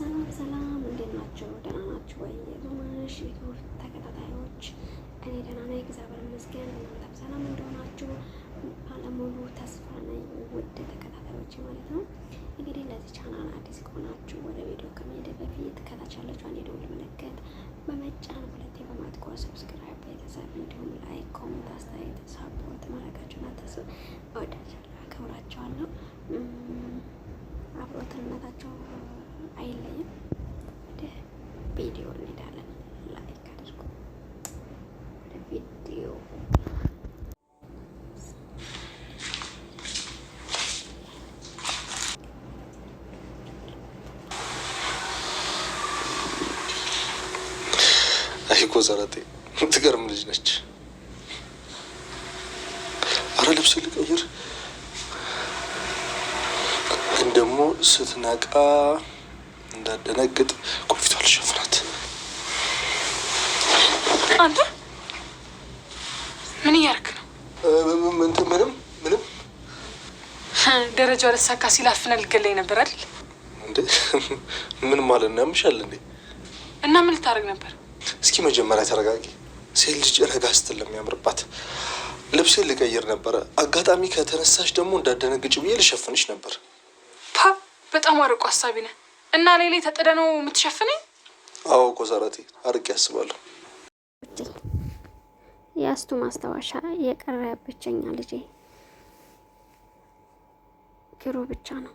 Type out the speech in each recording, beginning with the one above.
ሰላም ሰላም፣ እንዴት ናቸው? ደህና ናችሁ ወይ? የዞማነሽ ዩቱብ ተከታታዮች፣ እኔ ደህና ነኝ እግዚአብሔር ይመስገን። እናንተም ሰላም እንደሆናችሁ ባለሙሉ ተስፋ ነኝ፣ ውድ ተከታታዮች ማለት ነው። እንግዲህ ለዚህ ቻናል አዲስ ከሆናችሁ ወደ ቪዲዮ ከመሄድ በፊት ከታች ያለችውን የደወል ምልክት በመጫን ሁለቴ በማጥቆር ሰብስክራይብ፣ ቤተሰብ እንዲሁም ላይክ፣ ኮሜንት፣ አስተያየት፣ ሳፖርት ማድረጋችሁን አትርሱ። እወዳችኋለሁ፣ አከብራችኋለሁ። አብሮትነታቸው አይለይም። ወደ ቪዲዮ እንሄዳለን። ላይክ አድርጉ። ወደ ቪዲዮ እኮ ዘረጤ ትገርም ልጅ ነች። አረ ልብስ ልቀይር ግን ደግሞ ስትነቃ እንዳደነግጥ ቆፊቷ ልሸፍናት። አንተ ምን እያደረክ ነው? እንትን ምንም ምንም። ደረጃ ረሳካ ሲል አፍነህ ልትገለኝ ነበር አይደል? እንዴ ምን ማለት ነው? ያምሻል እንዴ? እና ምን ልታደርግ ነበር? እስኪ መጀመሪያ ተረጋጊ። ሴት ልጅ ረጋ ስትል ለሚያምርባት ልብሴ ልቀይር ነበረ። አጋጣሚ ከተነሳሽ ደግሞ እንዳደነግጭ ብዬ ልሸፍንሽ ነበር። ፓ በጣም አርቆ ሀሳቢ ነህ። እና ሌሌ ተጥደ ነው የምትሸፍነኝ? አዎ እኮ ሰራቴ አርቄ ያስባለሁ። የአስቱ ማስታወሻ የቀረ ብቸኛ ልጄ ክሩ ብቻ ነው።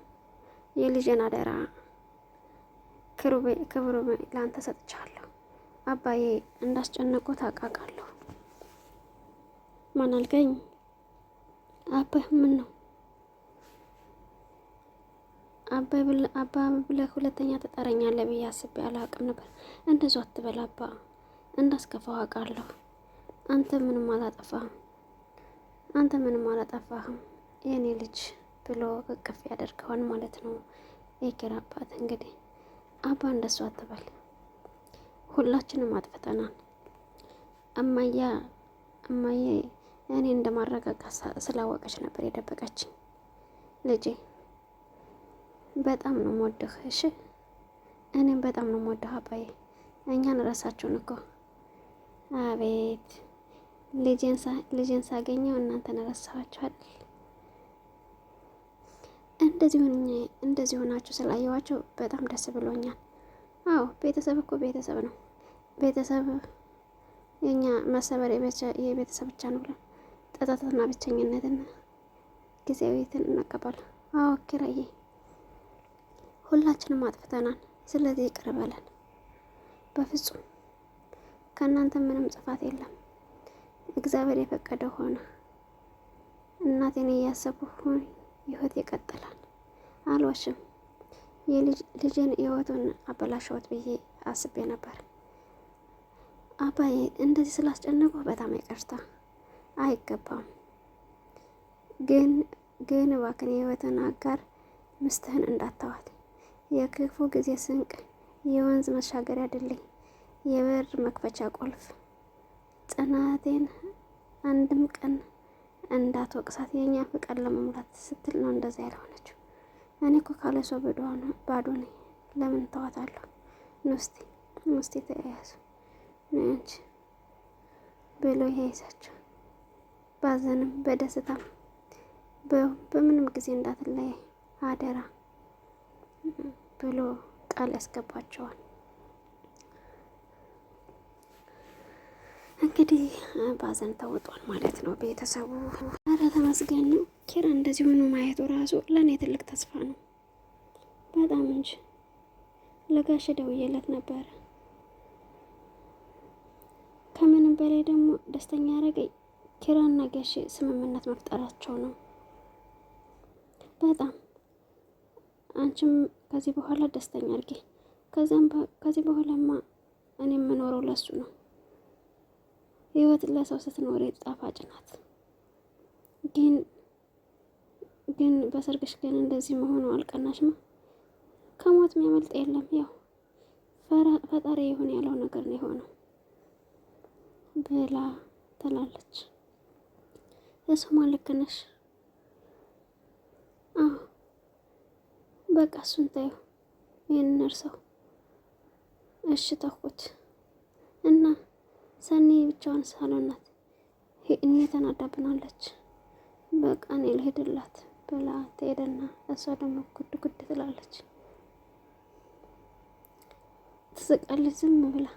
የልጄን አደራ ክብሩ ለአንተ ሰጥቻለሁ። አባዬ እንዳስጨነቁ ታቃቃለሁ። ማን አልገኝ አባህ ምን ነው አባ ብለህ ሁለተኛ ትጠረኛለህ ብዬ አስቤ አላውቅም ነበር። እንደዙ አትበል አባ፣ እንዳስከፋው አውቃለሁ። አንተ ምንም አላጠፋህም፣ አንተ ምንም አላጠፋህም የኔ ልጅ ብሎ እቅፍ ያደርገዋል ማለት ነው። የኪራ አባት እንግዲህ አባ እንደሱ አትበል፣ ሁላችንም አጥፍተናል። እማያ እማዬ እኔ እንደማረጋጋት ስላወቀች ነበር የደበቀችኝ ልጄ በጣም ነው የምወደው። እሺ እኔም በጣም ነው ሞደህ አባዬ። እኛን እራሳችሁን እኮ አቤት ልጄን ሳገኘው እናንተን እረሳኋችኋል። እንደዚህ ሆናችሁ ስላየኋቸው በጣም ደስ ብሎኛል። አዎ ቤተሰብ እኮ ቤተሰብ ነው። ቤተሰብ የኛ መሰበር የቤተሰብ ብቻ ነው ብለን ጠጣትና ብቸኝነትን ጊዜያዊትን እናቀባለን። አዎ ኪራዬ ሁላችንም አጥፍተናል። ስለዚህ ይቅር በለን። በፍጹም ከእናንተ ምንም ጥፋት የለም። እግዚአብሔር የፈቀደ ሆነ። እናቴን ሆን ህይወት ይቀጥላል። አልዋሽም፣ የልጅን ህይወቱን አበላሸወት ብዬ አስቤ ነበር። አባዬ እንደዚህ ስላስጨነቁ በጣም ይቅርታ። አይገባም፣ ግን ግን እባክን የህይወትን አጋር ምስትህን እንዳታዋት። የክፉ ጊዜ ስንቅ፣ የወንዝ መሻገሪያ ድልድይ፣ የበር መክፈቻ ቁልፍ። ጽናቴን አንድም ቀን እንዳትወቅሳት የእኛ ፍቃድ ለመሙላት ስትል ነው እንደዛ ያልሆነችው። እኔ እኮ ካለ ሰው ባዶ ነኝ። ለምን ተዋታለሁ? ንስቲ ንስቲ ተያያዙ ነች ብሎ ያይዛቸው። ባዘንም በደስታም በምንም ጊዜ እንዳትለይ አደራ። ብሎ ቃል ያስገባቸዋል። እንግዲህ በሀዘን ተውጧል ማለት ነው ቤተሰቡ። ኧረ ተመስገን ነው። ኪራ እንደዚህ ሆኖ ማየቱ ራሱ ለእኔ ትልቅ ተስፋ ነው። በጣም እንጂ ለጋሽ ደውዬለት ነበረ። ከምንም በላይ ደግሞ ደስተኛ ያደረገኝ ኪራና ጋሽ ስምምነት መፍጠራቸው ነው በጣም አንቺም ከዚህ በኋላ ደስተኛ አድርጌ ከዚያም ከዚህ በኋላማ እኔ የምኖረው ለሱ ነው። ህይወት ለሰው ስትኖር ጣፋጭ ናት። ግን ግን በሰርግሽ ግን እንደዚህ መሆኑ አልቀናሽ ነው። ከሞት የሚያመልጥ የለም። ያው ፈጣሪ ይሁን ያለው ነገር ነው የሆነው ብላ ትላለች። እሱማ ልክ ነሽ። አዎ በቃ እሱን ታየው፣ ይህን እርሰው። እሺ ተኩት እና ሰኔ ብቻዋን ሳሎን እኔ ተናዳብናለች። በቃ እኔ ልሄድላት ብላ ትሄደና እሷ ደግሞ ጉድ ጉድ ትላለች፣ ትስቃለች ዝም ብላ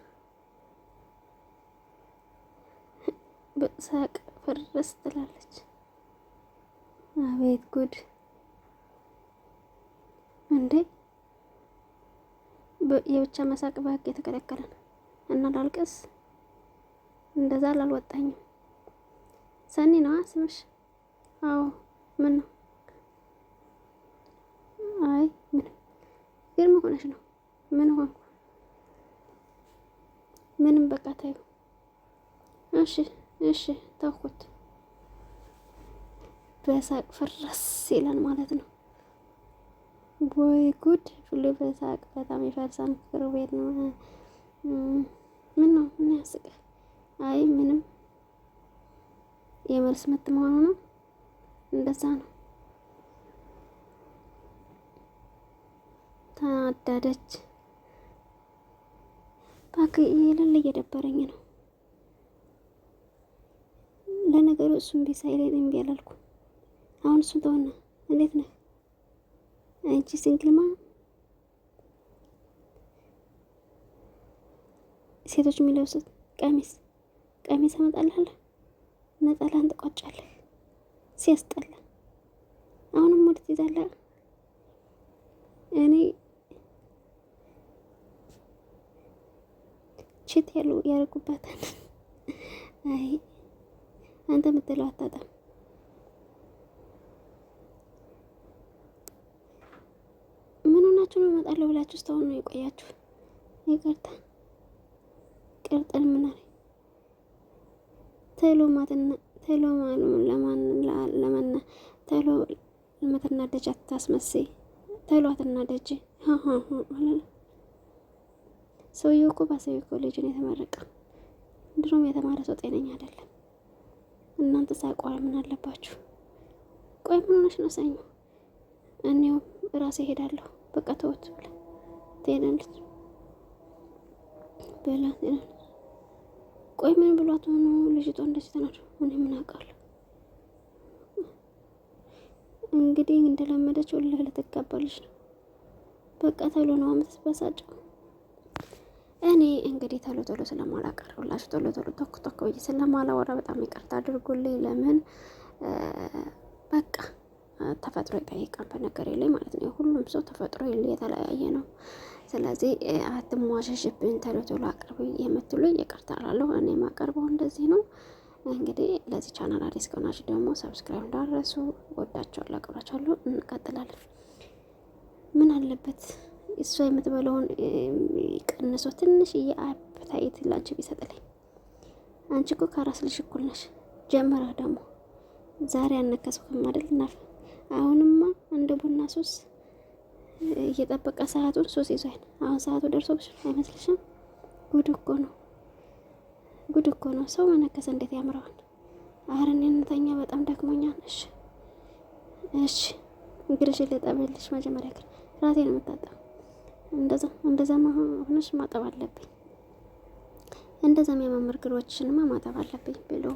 በሳቅ ፍርስ ትላለች። አቤት ጉድ እንዴ የብቻ መሳቅ በህግ የተከለከለ ነው። እና ላልቅስ እንደዛ ላልወጣኝም። ሰኒ ነዋ ስምሽ? አዎ። ምን ነው? አይ ምን ግን ሆነሽ ነው? ምን ሆንኩ? ምንም። በቃ ታዩ። እሺ እሺ፣ ተውኩት። በሳቅ ፍረስ ይላል ማለት ነው። ወይ ጉድ! ሁሉ በሳቅ በጣም የፈርሳን ፍቅር ቤት ነው። ምን ነው ምን ያስቀ? አይ ምንም። የመልስ ምት መሆኑ ነው። እንደዛ ነው። ተናደደች። ባክ የሌለ እየደበረኝ ነው። ለነገሩ እሱም ቢሳይለኝ እምቢ አላልኩም። አሁን እሱ ተወና፣ እንዴት ነህ? እቺ ስንግልማ ሴቶች የሚለብሱት ቀሚስ ቀሚስ አመጣልሃለሁ፣ ነጠላህን ትቋጫለህ። ሲያስጠላ አሁንም ወደ ትይዛለህ። እኔ ችት ያሉ ያደርጉባታል። አይ አንተ የምትለው አታጣም። ሁላችሁም እመጣለሁ ብላችሁ እስካሁን ነው የቆያችሁ። ይቅርታ ቅርጥል ምናል ተሎ ተሎማትና ተሎማሉ ለማን ለማና ተሎ ልመትና ደጅ አታስመስይ ተሏትና ደጅ ሰውየው እኮ ባሰየው እኮ ልጁን የተመረቀ ድሮም የተማረ ሰው ጤነኛ አይደለም። እናንተ ሳቋል ምን አለባችሁ? ቆይ ምን ሆነሽ ነው? ሰኞ እኔው ራሴ እሄዳለሁ። በቃ ተወት ብላ ትሄዳለች። በላ ትሄዳለች። ቆይ ምን ብሏት ሆኖ ልጅቷ እንደዚህ ተናደ? እኔ ምን አውቃለሁ። እንግዲህ እንደለመደች እልህ ልትጋባለች ነው። በቃ ቶሎ ነው የምትበሳጨው። እኔ እንግዲህ ቶሎ ቶሎ ስለማላቀርብላችሁ ቶሎ ቶሎ ተኩ ተኩ ብዬ ስለማላወራ በጣም ይቅርታ አድርጉልኝ። ለምን በቃ ተፈጥሮ ይጠይቃል። በነገር ላይ ማለት ነው ሁሉም ሰው ተፈጥሮ የተለያየ ነው። ስለዚህ አትሟሸሽብን፣ ቶሎ ቶሎ አቅርቢ የምትሉ ይቅርታ እላለሁ። እኔ የማቀርበው እንደዚህ ነው። እንግዲህ ለዚህ ቻናል አዲስ ከሆናችሁ ደግሞ ሰብስክራይብ እንዳረሱ ወዳቸዋል፣ አቅብራቸዋለሁ። እንቀጥላለን። ምን አለበት እሷ የምትበለውን ቀንሶ ትንሽዬ አፕታይት ላንቺ ቢሰጥልኝ። አንቺ እኮ ከራስ ልሽ እኩል ነሽ። ጀምረህ ደግሞ ዛሬ ያነከሰው ከማደል ናፍ አሁንማ እንደ ቡና ሶስ እየጠበቀ ሰዓቱን ሶስ ይዟል። አሁን ሰዓቱ ደርሶብሽ አይመስልሽም? ጉድ እኮ ነው፣ ጉድ እኮ ነው። ሰው መነከስ እንዴት ያምረዋል። አህርን እንተኛ፣ በጣም ደክሞኛል። እሺ፣ እሺ፣ እግርሽን ልጠብልሽ። መጀመሪያ ግን ራሴን የምታጠብ እንደዛ እንደዛ ሆነሽ ማጠብ አለብኝ። እንደዛ የሚያማምር እግሮችሽንማ ማጠብ አለብኝ ብሎ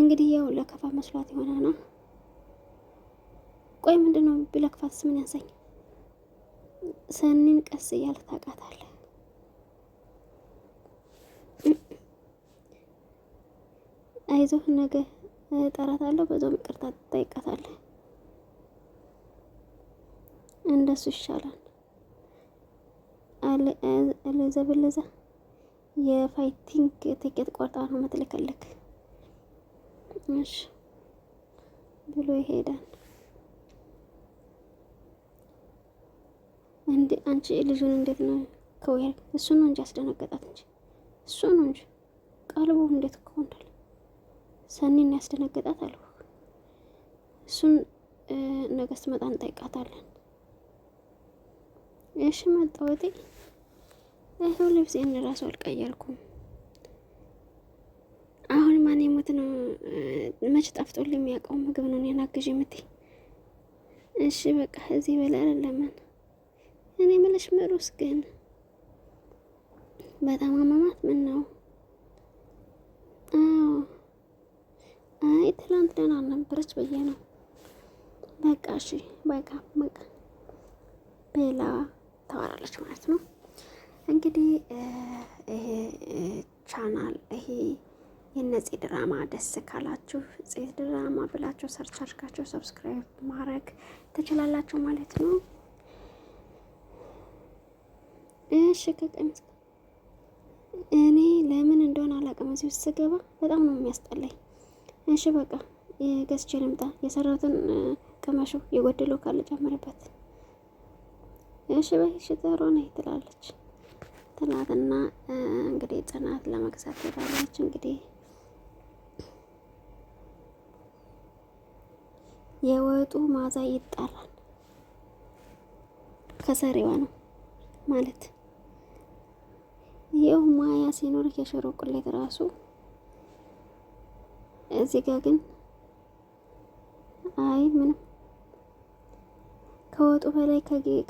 እንግዲህ ያው ለከፋ መስሏት የሆነ ነው። ቆይ ምንድን ነው ቢለክፋትስ ምን ያንሰኝ? ሰኒን ቀስ እያለ ታውቃታለ። አይዞህ ነገ እጠራታለሁ፣ በዛውም ይቅርታ ትጠይቃታለህ። እንደሱ ይሻላል አለ የፋይቲንግ ትኬት ቆርጣ ነው መትልከልክ እሺ ብሎ ይሄዳል። እንዴ አንቺ ልጁን እንዴት ነው ከወያ እሱ ነው እንጂ ያስደነገጣት እንጂ እሱ ነው እንጂ ቀልቡ እንዴት እኮ እንዳለ ሰኒን ያስደነገጣት አልኩ። እሱን ነገ ስትመጣ እንጠይቃታለን። እሺ መጣወጤ ይኸው ልብሴን እራሱ አልቀየርኩም። ማን የሞት ነው? መች ጣፍጦል የሚያውቀው ምግብ ነው። እኔን አግዥ የምትይ? እሺ በቃ እዚህ በላ አይደለምን? እኔ የምልሽ ምሩስ ግን በጣም አመማት። ምን ነው? አዎ አይ ትላንት ደህና አልነበረች ብዬ ነው። በቃ እሺ በቃ በቃ ቤላ ታወራለች ማለት ነው። እንግዲህ ይሄ ቻናል ይሄ የነጽ ድራማ ደስ ካላችሁ ጽ ድራማ ብላችሁ ሰርች አድርጋችሁ ሰብስክራይብ ማድረግ ትችላላችሁ ማለት ነው። እሺ ከቀን እኔ ለምን እንደሆነ አላውቅም። እዚህ ውስጥ ስገባ በጣም ነው የሚያስጠላኝ። እሺ በቃ ገዝቼ ልምጣ። የሰራሁትን ቅመሹ፣ የጎደለው ካለ ጨምርበት። እሺ በሽ ጥሩ ነኝ ትላለች። ትናንትና እንግዲህ ጽናት ለመግዛት ሄዳለች እንግዲህ የወጡ ማዛ ይጣራል። ከሰሪዋ ነው ማለት ይኸው ማያ ሲኖር የሽሮ ቁሌት ራሱ እዚህ ጋር ግን አይ ምንም ከወጡ በላይ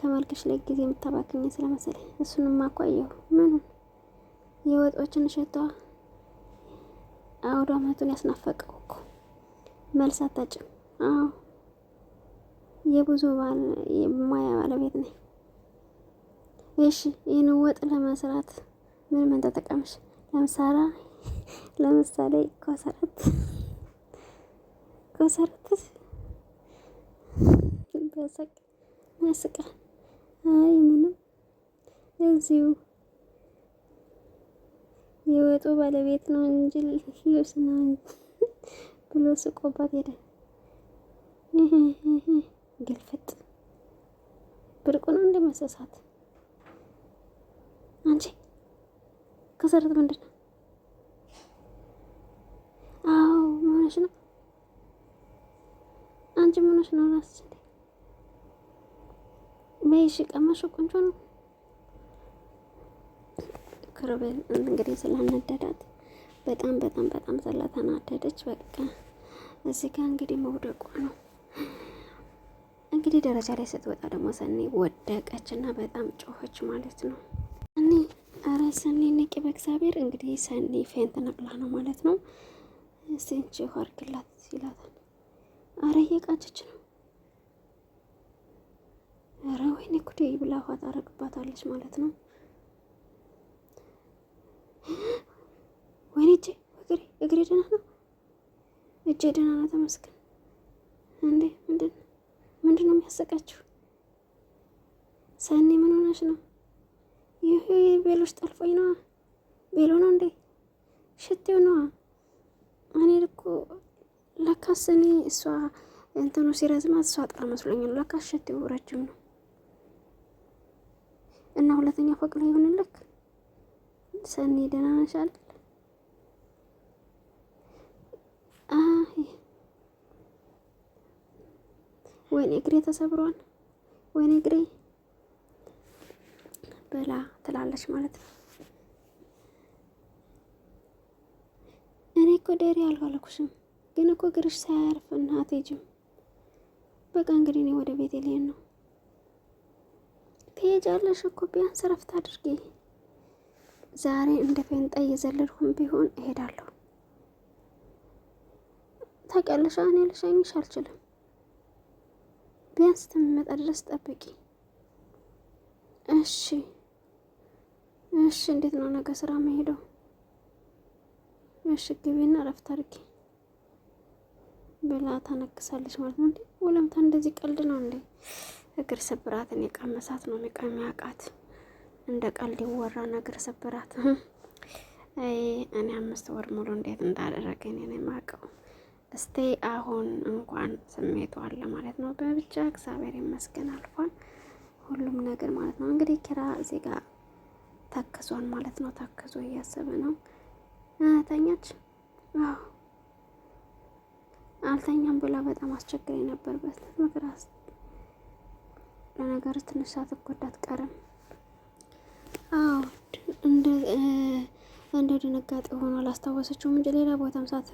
ከመልክሽ ላይ ጊዜ የምታባክኝ ስለመሰለ እሱንም አኳየሁ ምንም የወጦችን እሸቷ አውዷ መቱን ያስናፈቀው እኮ መልስ አታጭም። አዎ የብዙ ማያ ባለቤት ነኝ። እሺ ይህን ወጥ ለመስራት ምን ምን ተጠቀምሽ? ለምሳሌ ለምሳሌ ኮሰረት ኮሰረት በሰቅ ያስቃ። አይ ምንም እዚሁ የወጡ ባለቤት ነው እንጂ ልብስ ነው ብሎ ስቆባት ሄደ። ግልፍጥ ብርቁን እንደመሰሳት አንቺ ከሰረት ምንድን ነው? አዎ መሆንሽ ነው። አንቺ መሆንሽ ነው። ራስሽ በይሽ ቀማሽ ቆንጆ ነው። ክሩቤል እንግዲህ ስላነደዳት በጣም በጣም በጣም ስለተናደደች በቃ እዚህ ጋር እንግዲህ መውደቁ ነው። እንግዲህ ደረጃ ላይ ስትወጣ ደግሞ ሰኔ ወደቀች እና በጣም ጮኸች ማለት ነው። ሰኔ አረ ሰኔ ንቂ በእግዚአብሔር። እንግዲህ ሰኔ ፌንት ነቅላ ነው ማለት ነው። ሴንች አርግላት ይላታል። አረ እየቃጨች ነው። አረ ወይኔ ኩዴ ብላ ውሃ ታረግባታለች ማለት ነው። ወይኔ እጄ እግሬ እግሬ ደህና ነው። እጄ ደህና ነው። ተመስገን እንዴ ምንድን ነው ምንድን ነው የሚያሰቃችሁ? ሰኒ ምን ሆነሽ ነው? ይህ ቤሎች ጠልፎኝ ነዋ። ቤሎ ነው እንዴ? ሽቴው ነዋ። እኔ እኮ ለካ ሰኒ እሷ እንትኑ ሲረዝማት እሷ አጥራ ነው። ለካስ ሽቴው ረጅም ነው እና ሁለተኛ ፎቅ ላይ ይሆንልክ። ሰኔ ደህና ነሽ አይደል? ወይኔ እግሬ ተሰብሯል፣ ወይኔ እግሬ ብላ ትላለች ማለት ነው። እኔ እኮ ደሪ አልዋለኩሽም፣ ግን እኮ እግርሽ ሳያርፍ እና አትሄጂም። በቃ እንግዲህ እኔ ወደ ቤት ልሄድ ነው። ትሄጃለሽ እኮ ቢያንስ እረፍት አድርጊ። ዛሬ እንደ ፈንጣ እየዘለልኩም ቢሆን እሄዳለሁ። ታውቂያለሽ እኔ ልሸኝሽ አልችልም። ቢያንስ እስከምመጣ ድረስ ጠብቂ። እሺ እሺ። እንዴት ነው ነገ ስራ መሄደው? እሺ ግቢና እረፍት አድርጊ ብላ ታነክሳለች ማለት ነው። እንዴ ወለምታ እንደዚህ ቀልድ ነው እንዴ? እግር ስብራትን የቀመሳት ነው የሚያውቃት። እንደ ቀልድ ይወራ እግር ስብራት። እኔ አምስት ወር ሙሉ እንዴት እንዳደረገኝ እኔ የማውቀው እስቲ አሁን እንኳን ስሜቱ አለ ማለት ነው። በብቻ እግዚአብሔር ይመስገን አልፏል ሁሉም ነገር ማለት ነው። እንግዲህ ኪራ እዚህ ጋር ተክዟል ማለት ነው። ተክዞ እያሰበ ነው። ተኛች አልተኛም ብላ በጣም አስቸጋሪ ነበርበት። በስለት ለነገር ትንሽ ሳትጎዳ አትቀርም። እንደ ድንጋጤ ሆኖ አላስታወሰችውም እንጂ ሌላ ቦታም ሳት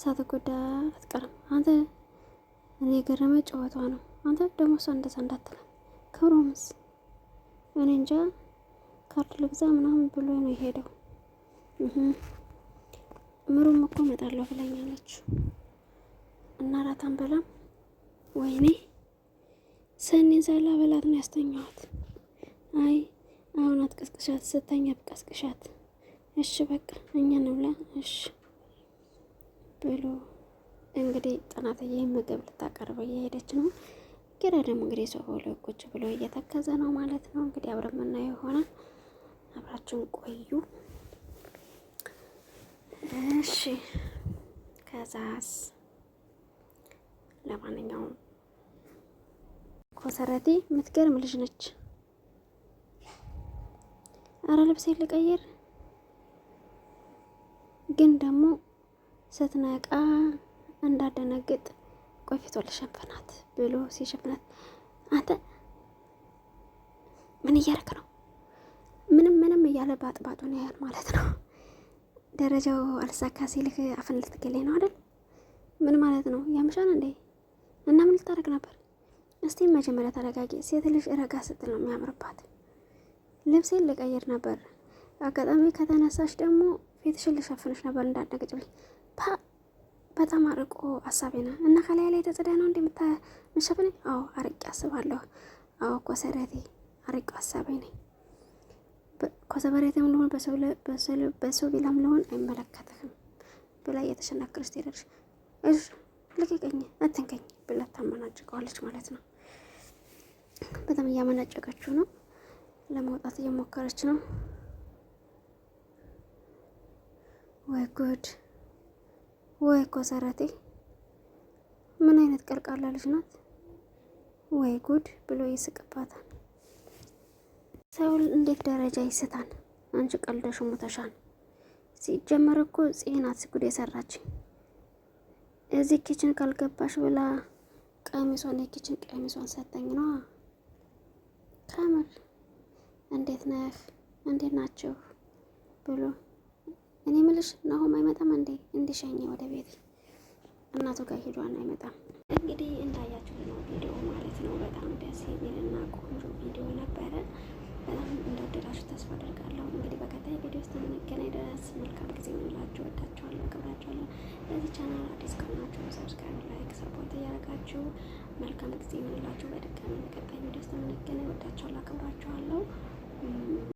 ሳትጎዳ አትቀርም። አንተ እኔ የገረመ ጨዋታ ነው። አንተ ደግሞ እሷ እንደዛ እንዳትለ ክብሮምስ እኔ እንጃ ካርድ ልግዛ ምናምን ብሎ ነው የሄደው። ምሩም እኮ መጣለሁ ብለኛለች እና ራታን በላም ወይኔ ሰኔን ሳላ በላት ነው ያስተኛዋት። አይ አሁን አትቀስቅሻት፣ ስተኛ ቀስቅሻት። እሺ በቃ እኛ ንብላ። እሺ ብሎ እንግዲህ ጽናትዬ ምግብ ልታቀርበ እየሄደች ነው። ግራ ደግሞ እንግዲህ ሶፋው ላይ ቁጭ ብሎ እየተከዘ ነው ማለት ነው። እንግዲህ አብረን የምናየው የሆነ አብራችሁን ቆዩ እሺ። ከዛስ ለማንኛውም ኮሰረቴ የምትገርም ልጅ ነች። አረ ልብሴ ልቀይር ግን ደግሞ ስትነቃ እንዳደነግጥ ቆይ ፊቷን ልሸፍናት ብሎ ሲሸፍናት፣ አንተ ምን እያረክ ነው? ምንም ምንም እያለ በአጥባጡን ያያል ማለት ነው። ደረጃው አልሳካ ሲልህ አፍን ልትገለኝ ነው አይደል? ምን ማለት ነው? ያምሻል እንዴ? እና ምን ልታደርግ ነበር? እስቲ መጀመሪያ ተረጋጊ። ሴት ልጅ ረጋ ስትል ነው የሚያምርባት። ልብሴን ልቀይር ነበር። አጋጣሚ ከተነሳሽ ደግሞ ፊትሽን ልሸፍንሽ ነበር እንዳደነግጭልኝ በጣም አርቆ አሳቢ ነው እና ከላይ ላይ የተጸዳ ነው እንደምታመሸብን? አዎ አርቄ አስባለሁ። አዎ ኮሰረቴ አርቄ አሳቢ ነኝ። ኮሰበሬቴም ለሆን በሰው ቢላም ለሆን አይመለከትህም ብላ እየተሸናከረች ትሄዳለች። እሽ ልቀቀኝ፣ አትንከኝ ብላ ታመናጭቀዋለች ማለት ነው። በጣም እያመናጨቀችው ነው። ለመውጣት እየሞከረች ነው። ወይ ጉድ ወይ ሰረቴ ምን አይነት ቀርቃላ ልጅ ናት? ወይ ጉድ ብሎ ይስቅባታል። ሰው እንዴት ደረጃ ይስታል? አንቺ ቀልደሽ ሞተሻል። ሲጀመር እኮ ጽናት ጉድ የሰራች እዚህ ኪችን ካልገባሽ ብላ ቀሚሷን የኪችን ቀሚሷን ሰጠኝ ነዋ። ከምር እንዴት ነህ እንዴት ናቸው ብሎ እኔ ምልሽ ናሆም አይመጣም እንዴ? እንዲሸኝ ወደ ቤት እናቱ ጋር ሄዷን አይመጣም። እንግዲህ እንዳያችሁ ነው ቪዲዮ ማለት ነው። በጣም ደስ የሚል እና ቆንጆ ቪዲዮ ነበረ። በጣም እንደወደዳችሁ ተስፋ አድርጋለሁ። እንግዲህ በቀጣይ ቪዲዮ ውስጥ እንገናኝ ድረስ መልካም ጊዜ ሆንላችሁ። ወዳችኋለሁ፣ ክብራችኋለሁ። ለዚህ ቻናል አዲስ ከሆናችሁ ሰብስክራይብ፣ ላይክ፣ ሰፖርት እያደረጋችሁ መልካም ጊዜ ሆንላችሁ። በድጋሚ በቀጣይ ቪዲዮ ውስጥ እንገናኝ። ወዳችኋለሁ፣ አከብራችኋለሁ።